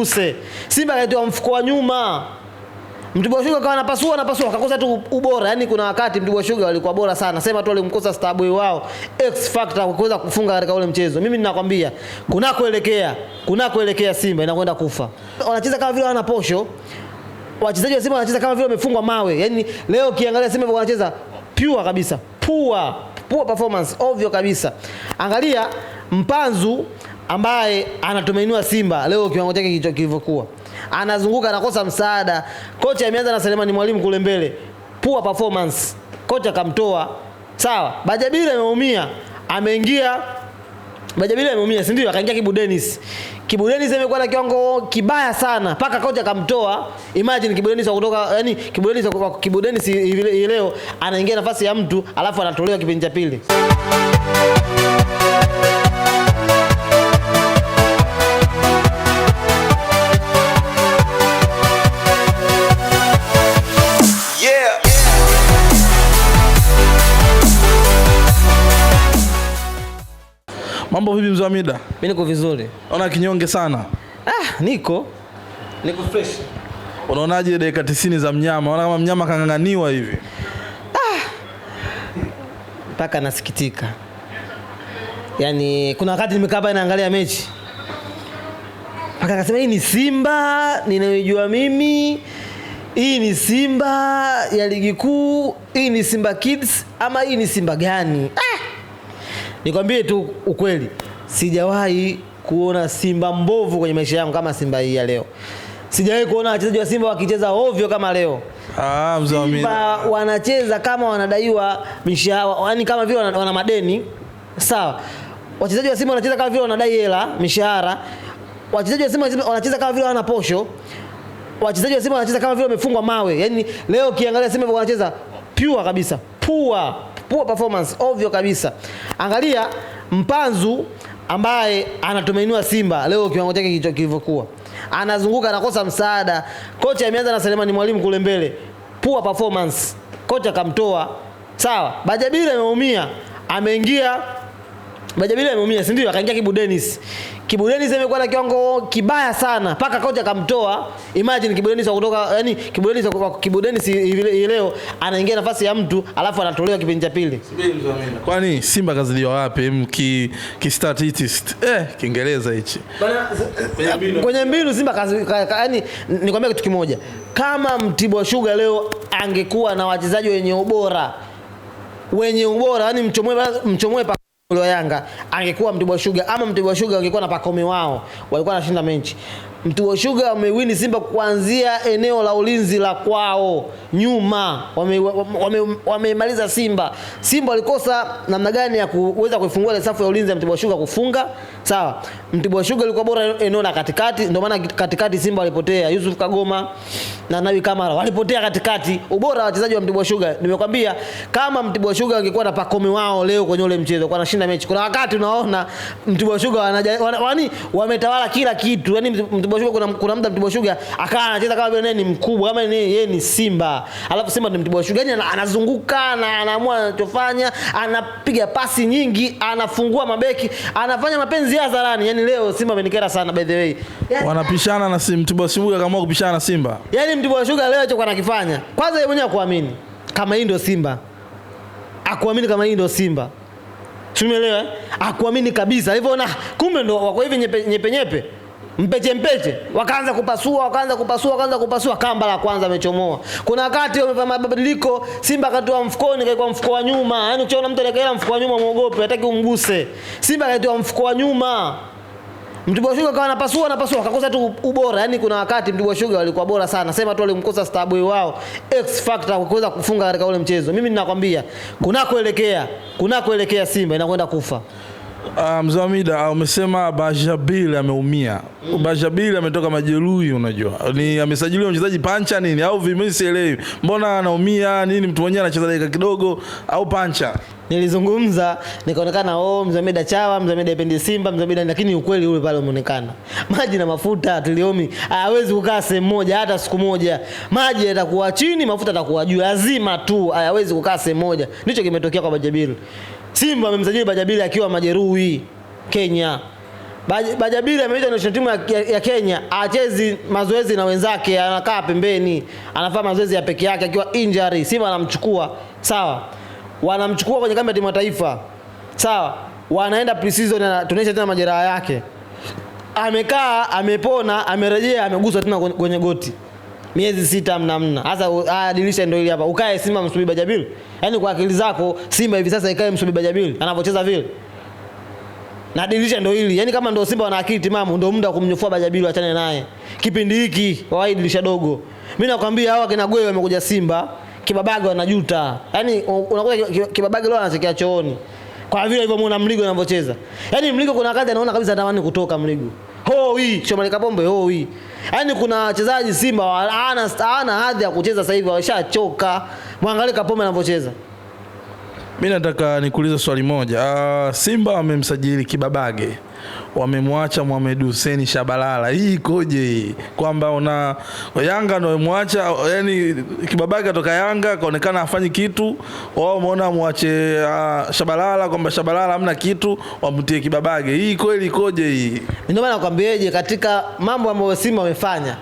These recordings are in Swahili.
usiguse. Simba kaitoa mfuko wa nyuma, Mtibwa Sugar kawa anapasua anapasua, akakosa tu ubora. Yani kuna wakati Mtibwa Sugar walikuwa bora sana, sema tu walimkosa Starboy wao X Factor kwa kuweza kufunga katika ule mchezo. Mimi ninakwambia kunakoelekea, kunakoelekea Simba inakwenda kufa. Wanacheza kama vile wana posho, wachezaji wa Simba wanacheza kama vile wamefungwa mawe. Yani leo ukiangalia Simba wanacheza pure kabisa, pure pure performance, ovyo kabisa. Angalia mpanzu ambaye anatumainiwa Simba leo kiwango chake kilivyokuwa, anazunguka anakosa msaada. Kocha ameanza na Selemani Mwalimu kule mbele, poor performance, kocha kamtoa sawa. Bajabiri ameumia, ameingia Bajabiri ameumia, si ndio? Akaingia Kibu Dennis. Kibu Dennis amekuwa na kiwango kibaya sana mpaka kocha akamtoa. Imagine Kibu Dennis kutoka yani, Kibu Dennis kwa Kibu Dennis leo anaingia nafasi ya mtu alafu anatolewa kipindi cha pili. Mambo vipi mzee Hamida? Mimi niko vizuri. ona kinyonge sana. Ah, niko. Niko fresh. Unaonaje dakika 90 za mnyama? Unaona kama mnyama kang'ang'aniwa hivi. Ah. Mpaka nasikitika. Yaani kuna wakati nimekaa hapa naangalia mechi. Mpaka akasema hii ni Simba ninayojua mimi. Hii ni Simba ya ligi kuu, hii ni Simba Kids ama hii ni Simba gani? Ah nikwambie tu ukweli, sijawahi kuona Simba mbovu kwenye maisha yangu kama Simba hii ya leo. Sijawahi kuona wachezaji wa Simba wakicheza ovyo kama leo. Ah, Simba wanacheza kama wanadaiwa mishahara, yaani kama vile wana, wana madeni sawa. Wachezaji wa Simba wanacheza kama vile wanadai hela mishahara. Wachezaji wa Simba wanacheza kama vile wana posho. Wachezaji wa Simba wanacheza kama vile wamefungwa mawe. Yaani leo ukiangalia Simba wanacheza pure kabisa, pure poor performance ovyo kabisa. Angalia Mpanzu ambaye anatumainiwa Simba leo kiwango chake kilivyokuwa, anazunguka anakosa msaada. Kocha ameanza na Selemani Mwalimu kule mbele, poor performance, kocha kamtoa. Sawa, Bajabiri ameumia, ameingia Bajabili ameumia si ndio? Akaingia Kibu Dennis. Kibu Dennis amekuwa na kiwango kibaya sana mpaka kocha akamtoa. Imagine Kibu Dennis kutoka yani Kibu Dennis kwa Kibu Dennis hivi leo anaingia nafasi ya mtu alafu anatolewa kipindi cha pili. Kwani Simba kazidiwa wapi? Mki ki statistist. Eh, Kiingereza hichi. Eh, kwenye mbinu Simba kazi yani nikwambia kitu kimoja. Kama Mtibwa Sugar leo angekuwa na wachezaji wenye ubora wenye ubora yani mchomoe mchomoe Yanga angekuwa Mtibwa Sugar ama Mtibwa Sugar angekuwa na pakomi wao walikuwa wanashinda mechi. Mtu wa Sugar wamewini Simba kuanzia eneo la ulinzi la kwao nyuma, wamemaliza wame, wame Simba. Simba walikosa namna gani ya kuweza kuifungua ile safu ya ulinzi ya Mtibwa Sugar kufunga? Sawa, Mtibwa Sugar alikuwa bora eneo la katikati, ndio maana katikati Simba walipotea. Yusuf Kagoma na Nabi Kamara walipotea katikati. Ubora wa wachezaji wa Mtibwa Sugar, nimekwambia kama Mtibwa Sugar angekuwa na pakome wao leo kwenye ule mchezo, kwa anashinda mechi. Kuna wakati unaona Mtibwa Sugar wanajani wametawala kila kitu, yani Mtibwa Sugar kuna kuna mtu Mtibwa Sugar akawa anacheza kama vile ni mkubwa kama ni yeye ni Simba. Alafu Simba ndio Mtibwa Sugar, yani anazunguka na anaamua anachofanya, anapiga pasi nyingi, anafungua mabeki, anafanya mapenzi ya zarani. Yani leo Simba amenikera sana by the way. Yani, wanapishana na Simba Mtibwa Sugar kama kupishana na Simba. Yani Mtibwa Sugar leo hicho anakifanya. Kwanza yeye mwenyewe kuamini kama hii ndio Simba. Akuamini kama hii ndio Simba. Tumeelewa? Eh? Akuamini kabisa. Hivyo na kumbe ndo wako hivi nyepe nyepe nyepe mpeche mpeche, wakaanza kupasua, wakaanza kupasua, wakaanza kupasua, kamba la kwanza amechomoa. Kuna wakati wamefanya mabadiliko, Simba akatoa mfukoni, kaikuwa mfuko wa nyuma. Yaani ukiona mtu anakaela mfuko wa nyuma, muogope, hataki umguse. Simba akaitoa mfuko wa nyuma wa Shuga kawa anapasua anapasua akakosa tu ubora. Yaani kuna wakati Mtibwa Sugar walikuwa bora sana. Sema tu walimkosa Starboy wao X Factor kwa kuweza kufunga katika ule mchezo. Mimi ninakwambia kunakoelekea, kunakoelekea Simba inakwenda kufa. Uh, ah, Mzamida um, umesema Bajabil ameumia. Mm. Bajabil ametoka majeruhi, unajua ni amesajiliwa mchezaji pancha nini au vimi, sielewi mbona anaumia nini, mtu mwenyewe anacheza dakika kidogo au pancha nilizungumza nikaonekana, oh, mzee Mzamida chawa, mzee Mzamida ipendi Simba, mzee Mzamida, lakini ukweli ule pale umeonekana. Maji na mafuta tuliomi hawezi kukaa sehemu moja hata siku moja. Maji yatakuwa chini, mafuta yatakuwa juu, lazima tu, hawezi kukaa sehemu moja. Ndicho kimetokea kwa Bajabil. Simba amemsajili Bajabili akiwa majeruhi Kenya. Bajabili ameitwa national timu ya, ya Kenya, achezi mazoezi na wenzake, anakaa pembeni, anafanya mazoezi ya peke yake akiwa injury. Simba anamchukua sawa, wanamchukua kwenye kambi ya timu ya taifa sawa, wanaenda pre-season na tunaisha tena majeraha yake, amekaa amepona, amerejea ameguswa tena kwenye goti miezi sita mnamna. hasa haya dirisha ndio hili hapa. Ukae Simba msubiri Bajabili. Yaani kwa akili zako Simba hivi sasa ikae msubiri Bajabili anavyocheza vile. Na dirisha ndio hili. Yaani kama ndio Simba wana akili timamu ndio muda wa kumnyofua Bajabili, achane naye. Kipindi hiki wawahi dirisha dogo. Mi nakwambia hawa kina Gwe wamekuja Simba kibabage wanajuta. Yaani unakuja kibabage leo anachekea chooni. Kwa vile hivyo muona Mligo anavyocheza. Yaani Mligo kuna wakati anaona kabisa anatamani kutoka Mligo hoi Shomari Kapombe hoi. Yaani kuna wachezaji Simba hawana hawana hadhi ya kucheza sasa hivi, washachoka. Mwangalie Kapombe anavyocheza. Mimi nataka nikuulize swali moja. Uh, Simba wamemsajili Kibabage wamemwacha Mohamed Hussein Shabalala. Hii ikoje hii? Kwamba una Yanga ndio wamemwacha, yani kibabaki kutoka Yanga kaonekana afanyi kitu, wao umeona mwache uh, ah, Shabalala kwamba Shabalala hamna kitu, wamtie kibabage. Hii kweli ikoje hii? Ndio maana nakwambieje katika mambo ambayo Simba wamefanya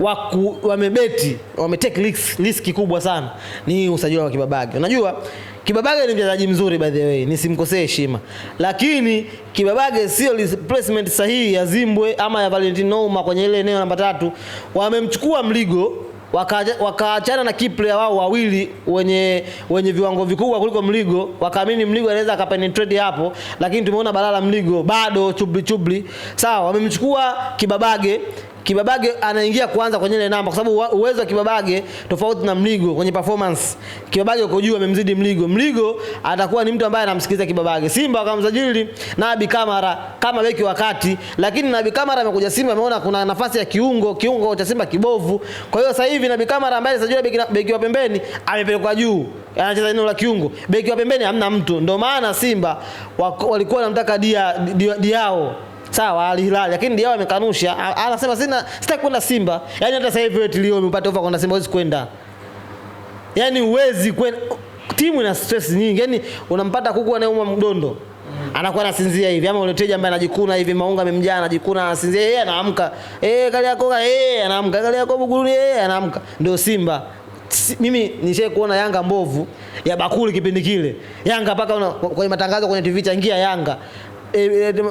waku, wamebeti wametake risk, risk kubwa sana ni usajili wa Kibabage. Unajua Kibabage ni mchezaji mzuri by the way, nisimkosee heshima, lakini Kibabage sio replacement sahihi ya Zimbwe ama ya Valentino Noma kwenye ile eneo namba tatu. Wamemchukua Mligo wakaachana waka na key player wao wawili wenye wenye viwango vikubwa kuliko Mligo, wakaamini Mligo anaweza akapenetrate hapo, lakini tumeona balala Mligo bado chubli chubli. Sawa, wamemchukua Kibabage Kibabage anaingia kwanza kwenye ile namba, kwa sababu uwezo wa Kibabage tofauti na Mligo kwenye performance. Kibabage uko juu, amemzidi Mligo. Mligo atakuwa ni mtu ambaye anamsikiliza Kibabage. Simba wakamsajili Nabi Kamara kama beki wakati, lakini Nabi Kamara amekuja Simba, ameona kuna nafasi ya kiungo, kiungo cha Simba kibovu. Kwa hiyo sasa hivi Nabi Kamara ambaye alisajiliwa beki, beki wa pembeni amepelekwa juu, anacheza eneo la kiungo, beki wa pembeni hamna mtu. Ndio maana Simba walikuwa wanamtaka dia, dia, Diao Sawa Al Hilal lakini Diawa amekanusha, anasema sina sitaki kwenda Simba. Yani hata sasa hivi wewe leo umepata ofa kwenda Simba huwezi kwenda. yani huwezi kwenda. Timu ina stress nyingi. yani unampata kuku anayeuma mdondo. Anakuwa anasinzia hivi ama uleteje ambaye anajikuna hivi maunga amemjaa anajikuna anasinzia yeye anaamka. Eh, kali yako eh anaamka. Kali yako buguruni eh anaamka. Ndio Simba. Mimi nishaye kuona Yanga mbovu ya bakuli kipindi kile. Yanga mpaka kwenye matangazo kwenye TV changia Yanga Eh, eh, eh,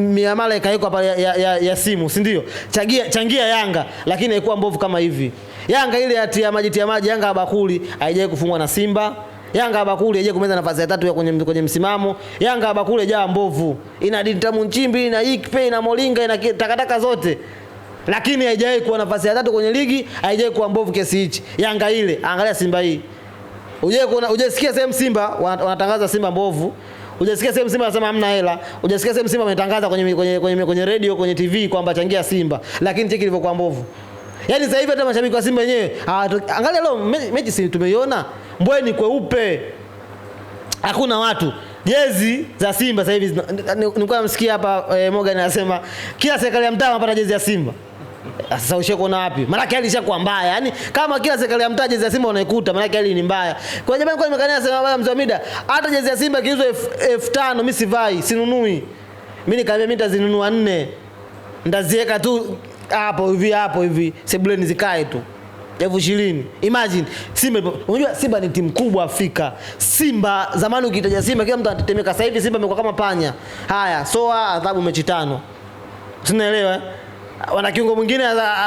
miamala ikawekwa pale ya, ya, ya, simu, si ndio? Changia, changia Yanga, lakini haikuwa mbovu kama hivi. Yanga ile ya tia maji tia maji, Yanga bakuli haijawahi kufungwa na Simba. Yanga bakuli haijawahi kumeza nafasi ya tatu ya kwenye, kwenye msimamo. Yanga bakuli haijawa mbovu, ina Dintamu Nchimbi, ina Ikpe, ina Molinga, ina takataka zote lakini haijawahi kuwa nafasi ya tatu kwenye ligi, haijawahi kuwa mbovu kiasi hichi. Yanga ile, angalia Simba hii, ujasikia sehemu Simba wanatangaza Simba mbovu. Hujasikia sehemu Simba anasema hamna hela. Hujasikia sehemu Simba ametangaza kwenye kwenye kwenye, kwenye redio, kwenye TV kwamba changia Simba. Lakini cheki ilivyokuwa mbovu. Yaani sasa hivi hata mashabiki wa Simba wenyewe ah, angalia leo mechi si tumeiona mbweni kweupe. Hakuna watu. Jezi za Simba sasa hivi nilikuwa namsikia hapa eh, Morgan anasema kila serikali ya mtaa anapata jezi ya Simba. Sasa ushakuona wapi? Maana hali ishakuwa mbaya. Yaani kama kila serikali ya mtaa jezi ya Simba unaikuta, maana hali ni mbaya. Kwa jamani, kwa nimekania sema baba mzee mida, hata jezi ya Simba kiuzwe 5000 mimi sivai, sinunui. Mimi nikamwambia mimi nitazinunua nne. Nitaziweka tu hapo hivi hapo hivi sebuleni zikae tu. Elfu ishirini. Imagine Simba, unajua Simba ni timu kubwa Afrika. Simba zamani ukitaja Simba kila mtu anatetemeka. Sasa hivi Simba imekuwa kama panya. Haya, soa ah, adhabu mechi tano. Tunaelewa? Eh? wana kiungo mwingine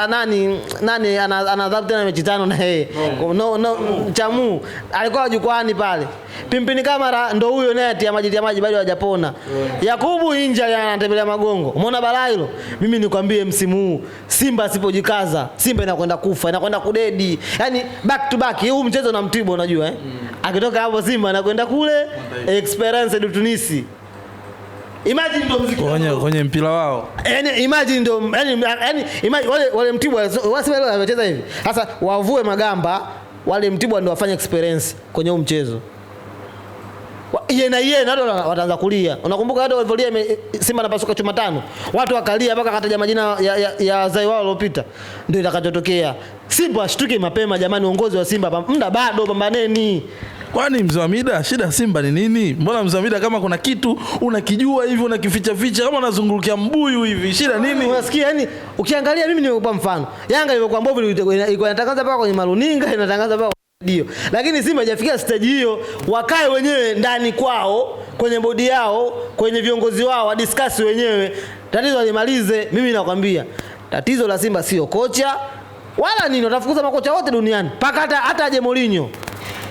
nani nani anadhabu tena mechi tano na yeye no, no, mm. Chamu alikuwa jukwani pale, Pimpini Kamara ndo huyo naye atia maji tia maji bado hajapona. Mm. Yakubu Inja anatembelea magongo, umeona balaa hilo. Mimi nikwambie, msimu huu Simba asipojikaza, Simba inakwenda kufa, inakwenda kudedi, yani back to back. Huu mchezo na Mtibwa unajua eh, mm. akitoka hapo Simba anakwenda kule experience de Tunisi. Imagine kwenye mpira wao. Yaani, imagine ndio yaani, yaani, hivi. Sasa wavue magamba wale Mtibwa ndio wafanye experience kwenye huu mchezo. Yeye na yeye nado wataanza kulia. Unakumbuka hata walivyolia Simba na pasuka chuma tano. Watu wakalia mpaka kataja majina ya, ya, ya zai wao waliopita. Ndio itakachotokea. Simba ashtuke mapema jamani, uongozi wa Simba muda bado pambaneni. Kwani mzee Hamida, shida Simba ni nini? Mbona mzee Hamida, kama kuna kitu unakijua hivi unakificha ficha, kama unazungulukia mbuyu hivi, shida nini? Ah, unasikia yani, ukiangalia mimi nimekupa mfano, Yanga ilivyokuwa mbovu, ilikuwa inatangaza paka kwenye maruninga, inatangaza paka Dio. Lakini Simba hajafikia stage hiyo, wakae wenyewe ndani kwao, kwenye bodi yao, kwenye viongozi wao, wadiskasi wenyewe tatizo, alimalize. Mimi nakwambia tatizo la Simba sio kocha wala nini, watafukuza makocha wote duniani mpaka hata aje Mourinho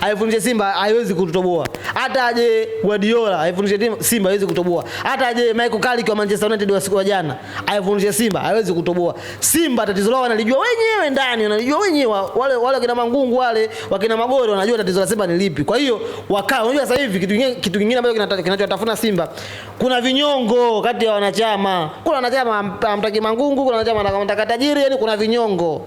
aifundishe Simba haiwezi kutoboa. Hata aje Guardiola aifundishe Simba haiwezi kutoboa. Hata aje Michael Carrick wa Manchester United wa siku ya jana aifundishe Simba haiwezi kutoboa. Simba tatizo lao wanalijua wenyewe ndani, wanalijua wenyewe wale wale kina Mangungu wale wakina Magori wanajua tatizo la Simba ni lipi. Kwa hiyo wakaa, unajua sasa hivi kitu kingine kitu kingine ambacho kinachotafuna Simba kuna vinyongo kati ya wanachama. Kuna wanachama hamtaki Mangungu, kuna wanachama wanataka tajiri, yani kuna vinyongo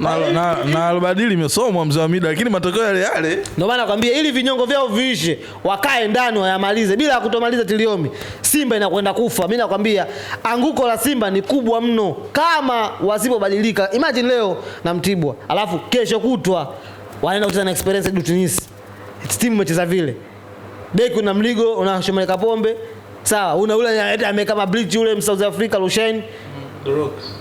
na, na, na albadili imesomwa mzee wa mida, lakini matokeo yale yale ndio maana nakwambia ili vinyongo vyao viishe, wakae ndani wayamalize. Bila kutomaliza Tiliomi, Simba inakwenda kufa. Mimi nakwambia anguko la Simba ni kubwa mno kama wasipobadilika. Imagine leo na Mtibwa, alafu kesho kutwa wanaenda kucheza na Esperance du Tunis, timu imecheza vile, beki una Mligo, unashomeleka pombe sawa, una ule amekaa mabridge ule South Africa Lushen,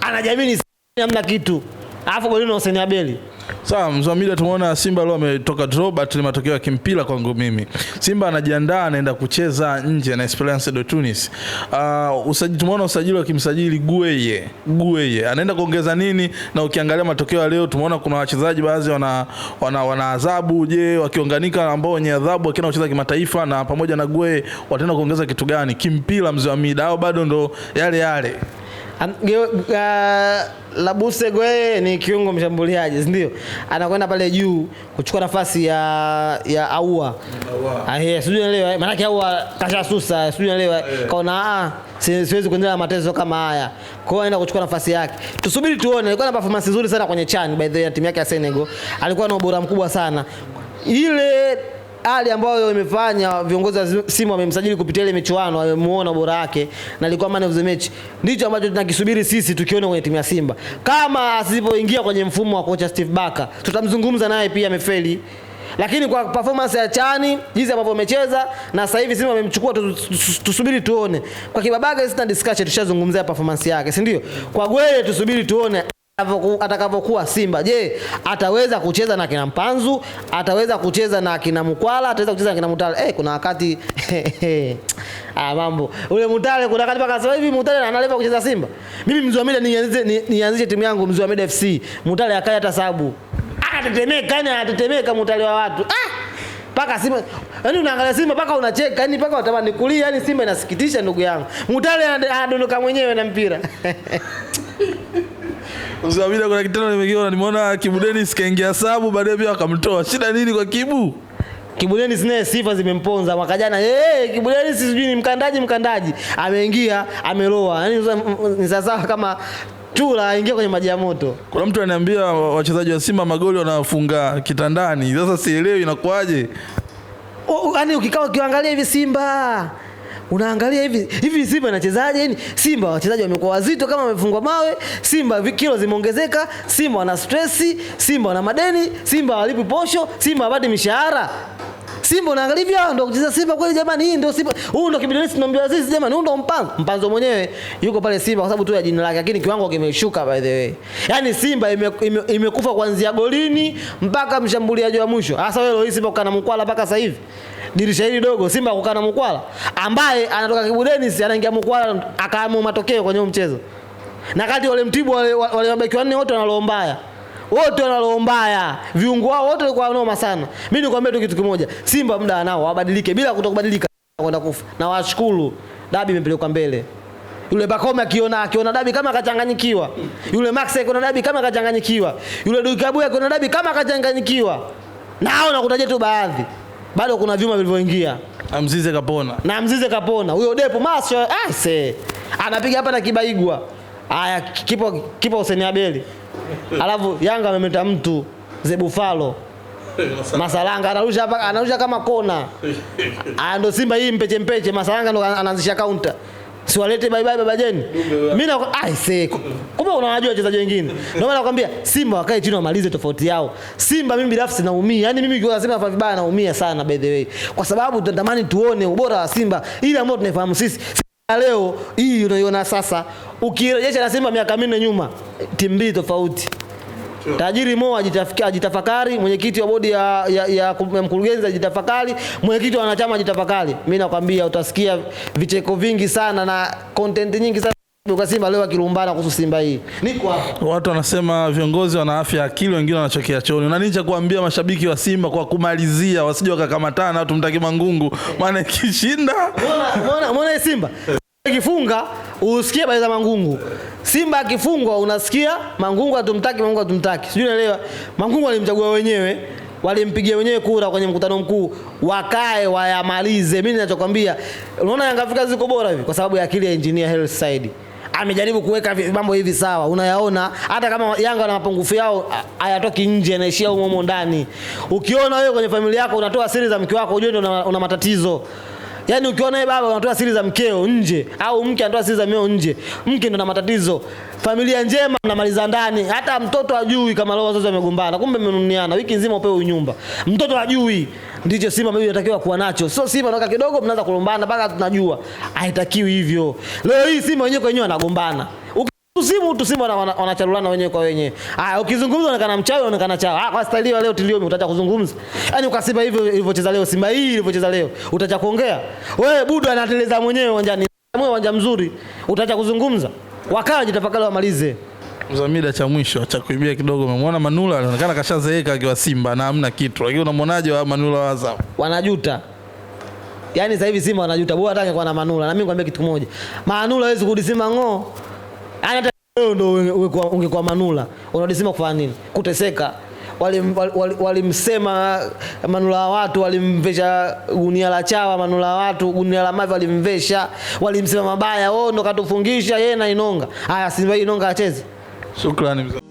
anajamini hamna kitu, alafu golini Hussein Abeli Sawa, Mzwamida tumeona Simba leo ametoka draw but ni matokeo ya kimpira kwangu mimi. Simba anajiandaa anaenda kucheza nje na Esperance de Tunis. Uh, usajili tumeona usajili kimsajili Gueye. Gueye anaenda kuongeza nini na ukiangalia matokeo ya leo tumeona kuna wachezaji baadhi wana wana, wana adhabu je, wakiunganika ambao wenye adhabu wakina kucheza kimataifa na pamoja na Gueye wataenda kuongeza kitu gani? Kimpira Mzwamida au bado ndo yale yale? Uh, Labuse Gueye ni kiungo mshambuliaji, si ndio? Anakwenda pale juu kuchukua nafasi ya ya Aua. Ah, yes, sijui nielewa. Eh, Maana yake Aua susa, sijui nielewa. Eh. Eh. Kaona ah, siwezi kuendelea na mateso kama haya. Kwa hiyo anaenda kuchukua nafasi yake. Tusubiri tuone. Alikuwa na performance nzuri sana kwenye CHAN by the way, timu yake ya Senegal. Alikuwa na ubora mkubwa sana. Ile hali ambayo imefanya viongozi wa Simba wamemsajili kupitia ile michuano, wamemuona bora wake na alikuwa man of the match. Ndicho ambacho tunakisubiri sisi tukiona kwenye timu ya Simba, kama asipoingia kwenye mfumo wa kocha Steve Barker, tutamzungumza naye pia amefeli lakini kwa performance ya Chani jinsi ambavyo amecheza na sasa hivi Simba wamemchukua, tusubiri tuone. Kwa Kibabaga sina discussion, tushazungumzia performance yake, si ndio? Kwa Gwele tusubiri tuone atakapokuwa Simba, je, ataweza kucheza na kina Mpanzu? Ataweza kucheza na kina Mkwala? Ataweza kucheza na kina Mutale? Eh, kuna wakati ah, mambo ule Mutale, kuna wakati paka sasa hivi Mutale analeva kucheza Simba. Mimi Mzee mida, nianzishe nianzishe timu yangu Mzee mida FC, Mutale akaya hata sabu akatetemeka, yani anatetemeka Mutale wa watu ah, paka Simba yani unaangalia Simba paka unacheka yani paka unatamani kulia yani Simba inasikitisha ndugu yangu. Mutale anadondoka mwenyewe na mpira Usabila kuna kitendo nimekiona, nimeona Kibu Dennis kaingia sabu, baadaye pia wakamtoa. Shida nini kwa Kibu? Kibu Dennis naye sifa zimemponza mwaka jana. Eh, Kibu Dennis sijui ni mkandaji mkandaji. Ameingia, ameroa Yaani ni sasa kama Tula aingia kwenye maji ya moto. Kuna mtu ananiambia wachezaji wa Simba magoli wanafunga kitandani. Sasa sielewi inakuwaje. Yaani ukikaa ukiangalia hivi Simba unaangalia hivi hivi, Simba inachezaje? Yani Simba wachezaji wamekuwa wazito kama wamefungwa mawe, Simba kilo zimeongezeka, Simba wana stress, Simba wana madeni, Simba walipi posho, Simba hawapati mishahara. Simba unaangalia hivi, ah, ndo kucheza Simba kweli jamani? Hii ndo Simba, huu ndio kibidelesi tunamjua sisi jamani, huu ndo mpanzo. Mpanzo mwenyewe yuko pale Simba kwa sababu tu ya jina lake, lakini kiwango kimeshuka by the way. Yani Simba imekufa ime, ime kuanzia golini mpaka mshambuliaji wa mwisho. Hasa wewe leo hii Simba ukana mkwala mpaka sasa hivi dirisha hili dogo Simba kukaa na Mukwala ambaye anatoka Kibu Dennis anaingia Mkwala akaamua matokeo kwenye mchezo, na kati wale Mtibu wale, wale mabeki wanne wote wana roho mbaya wote wana roho mbaya, viungo wao wote walikuwa noma sana. Mimi nikwambia tu kitu kimoja, Simba muda nao wabadilike, bila kutokubadilika kwenda kufa. Na washukuru dabi imepelekwa mbele. Yule Bakome akiona akiona dabi kama akachanganyikiwa, yule Max akiona dabi kama akachanganyikiwa, yule Dukabu akiona dabi kama akachanganyikiwa, nao nakutaje tu baadhi bado kuna vyuma vilivyoingia na ah, Mzize kapona, na Mzize kapona. Huyo depo maso aise, ah, anapiga hapa na Kibaigwa. Haya, kipo kipo Hussein Abeli, alafu Yanga amemeta mtu Zebufalo Masalanga anarusha hapa, anarusha kama kona. Aya, ndo Simba hii mpeche mpeche, Masalanga ndo anaanzisha kaunta siwalete bye bye baba Jeni. Mimi na ai se, kumbe unawajua wachezaji wengine. Ndio maana nakwambia Simba wakae chini wamalize tofauti yao. Simba mimi binafsi naumia. Yaani mimi nikiona Simba vibaya naumia sana by the way. Kwa sababu tunatamani tuone ubora wa Simba ile ambayo tunaifahamu sisi. Leo hii unaiona sasa, ukirejesha na Simba miaka minne nyuma, timu mbili tofauti. Tajiri Mo ajitafakari, mwenyekiti wa bodi ya, ya, ya, ya mkurugenzi ajitafakari, mwenyekiti wa wanachama ajitafakari. Mimi nakwambia utasikia vicheko vingi sana na content nyingi sana kwa Simba leo akilumbana kuhusu Simba hii. Niko hapa. Watu wanasema viongozi wana afya akili, wengine wanachokea choni. Na nini cha kuambia mashabiki wa Simba kwa kumalizia, wasije wakakamatana, tumtaki Mangungu maana ikishinda. Mbona mbona Simba Kifunga usikie baiza Mangungu. Simba akifungwa unasikia Mangungu atumtaki, Mangungu atumtaki, sijui unaelewa. Mangungu alimchagua wenyewe, walimpigia wenyewe kura kwenye mkutano mkuu, wakae wayamalize. Mimi ninachokwambia, unaona Yanga Afrika ziko bora hivi kwa sababu ya akili ya engineer Hersi Said amejaribu kuweka mambo hivi sawa, unayaona. Hata kama Yanga na mapungufu yao hayatoki nje, yanaishia humo ndani. Ukiona wewe kwenye familia yako unatoa siri za mke wako, ujue ndio una matatizo. Yaani ukiwa naye baba unatoa siri za mkeo nje au mke anatoa siri za mkeo nje. Mke ndo na matatizo. Familia njema mnamaliza ndani. Hata mtoto ajui kama leo wazazi wamegombana. Kumbe mmenuniana. Wiki nzima upewe nyumba. Mtoto ajui. Ndicho Simba mimi natakiwa kuwa nacho. Sio Simba ndoka kidogo mnaanza kulombana mpaka tunajua. Haitakiwi hivyo. Leo hii Simba wenyewe kwa anagombana. Tusimu tusimu wanacharulana wenyewe kwa wenyewe. Ah, ukizungumza unaonekana mchawi, unaonekana chawa. Ah, kwa staili leo tilio utacha kuzungumza. Yaani ukasiba hivyo ilivyocheza leo Simba hii ilivyocheza leo, utacha kuongea. Wewe budu anateleza mwenyewe uwanjani. Mwenyewe uwanja mzuri, utacha kuzungumza. Wakaje tafakari wamalize. Mzamida, cha mwisho cha kuibia kidogo, umemwona Manula anaonekana kashazeeka akiwa Simba na hamna kitu. Lakini unamwonaje wa Manula wa Azam? Wanajuta. Yaani sasa hivi Simba wanajuta. Bora atake kwa na Manula. Na mimi nikwambia kitu kimoja. Manula hawezi kurudi Simba ng'oo. Yaani hata wewe ndio ungekuwa Manula unadisema kufanya nini? Kuteseka. Walimsema Manula wa watu, walimvesha gunia la chawa. Manula wa watu, gunia la mavi walimvesha, walimsema mabaya. Oh, ndo katufungisha yeye na Inonga. Haya, Simba Inonga acheze. Shukrani mzee.